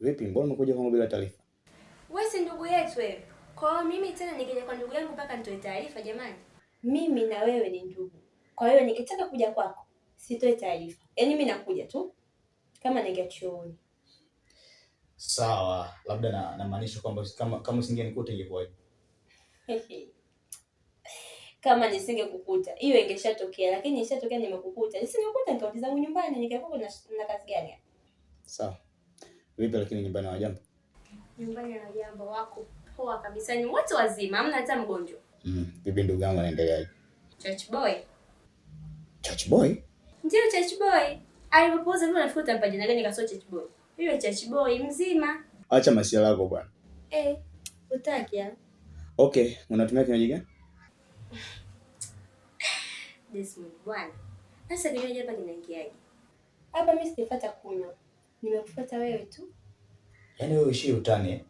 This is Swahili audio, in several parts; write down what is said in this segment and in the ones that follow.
Vipi, mbona umekuja kwangu bila taarifa? Wewe si ndugu yetu wewe. Kwa hiyo mimi tena nikija kwa ndugu yangu mpaka nitoe taarifa jamani? Mimi na wewe ni ndugu. Kwa hiyo nikitaka kuja kwako sitoe taarifa. Yaani mimi nakuja tu kama ningea Sawa, labda na namaanisha kwamba kama kama usingenikuta ingekuwaje? Kama nisingekukuta hiyo ingeshatokea, lakini ishatokea nimekukuta. Nisingekukuta nikarudi zangu nyumbani, nikakuwa na kazi gani? Sawa. Vipi lakini nyumbani wa jambo? Nyumbani wa jambo wako poa kabisa, ni wote wazima, hamna hata mgonjwa. Mm, vipi ndugu yangu anaendeleaje? Church boy. Church boy? Ndio church boy. Alipopoza mimi nafikiri utampa jina gani kasoa church boy. Yule church boy mzima. Acha masia yako bwana. Eh, utaki ya. Ah. Okay, unatumia kinywaji gani? Desmond bwana. Sasa kinywaji hapa kinaingiaje? Hapa mimi sifuata kunywa. Nimekufuata wewe tu. Yaani wewe uishi utani.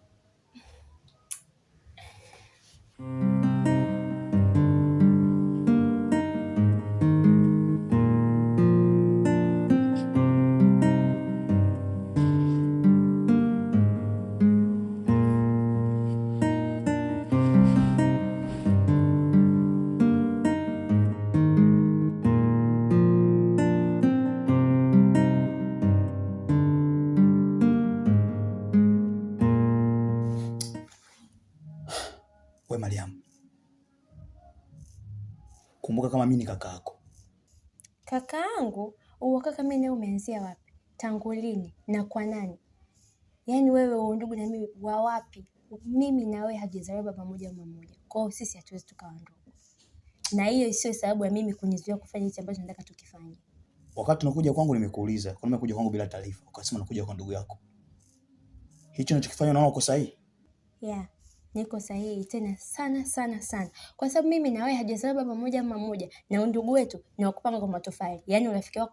We Mariam, kumbuka kama mimi ni kaka yako. Kaka yangu? Uwakaka mimi naye umeanzia wapi? Tangu lini na kwa nani? Yaani wewe undugu na mimi wa wapi? Mimi na wewe hajizaliwa baba mmoja mama mmoja, kwa hiyo sisi hatuwezi tukawa ndugu, na hiyo sio sababu ya mimi kunizuia kufanya hichi ambacho nataka tukifanye. Wakati unakuja kwangu nimekuuliza, kwa nini unakuja kwangu bila taarifa? Ukasema unakuja kwa ndugu yako. Hicho unachokifanya unaona uko sahihi? Yeah niko sahihi tena sana sana sana, kwa sababu mimi na wewe hajazaliwa pamoja mmoja mama na undugu wetu ni wa kupanga kwa matofali, yaani urafiki wako